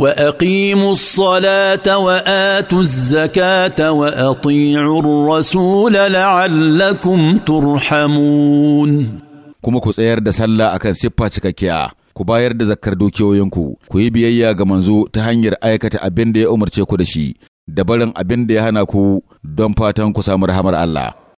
واقيموا الصلاه واتوا الزكاه واطيعوا الرسول لعلكم ترحمون kuma ku tsayar da sallah akan siffa cikakkiya ku bayar da zakkar dukiyoyinku ku yi biyayya ga manzo ta hanyar aikata abin da ya umarce ku da shi da barin abin da ya hana ku don fatan ku samu rahamar Allah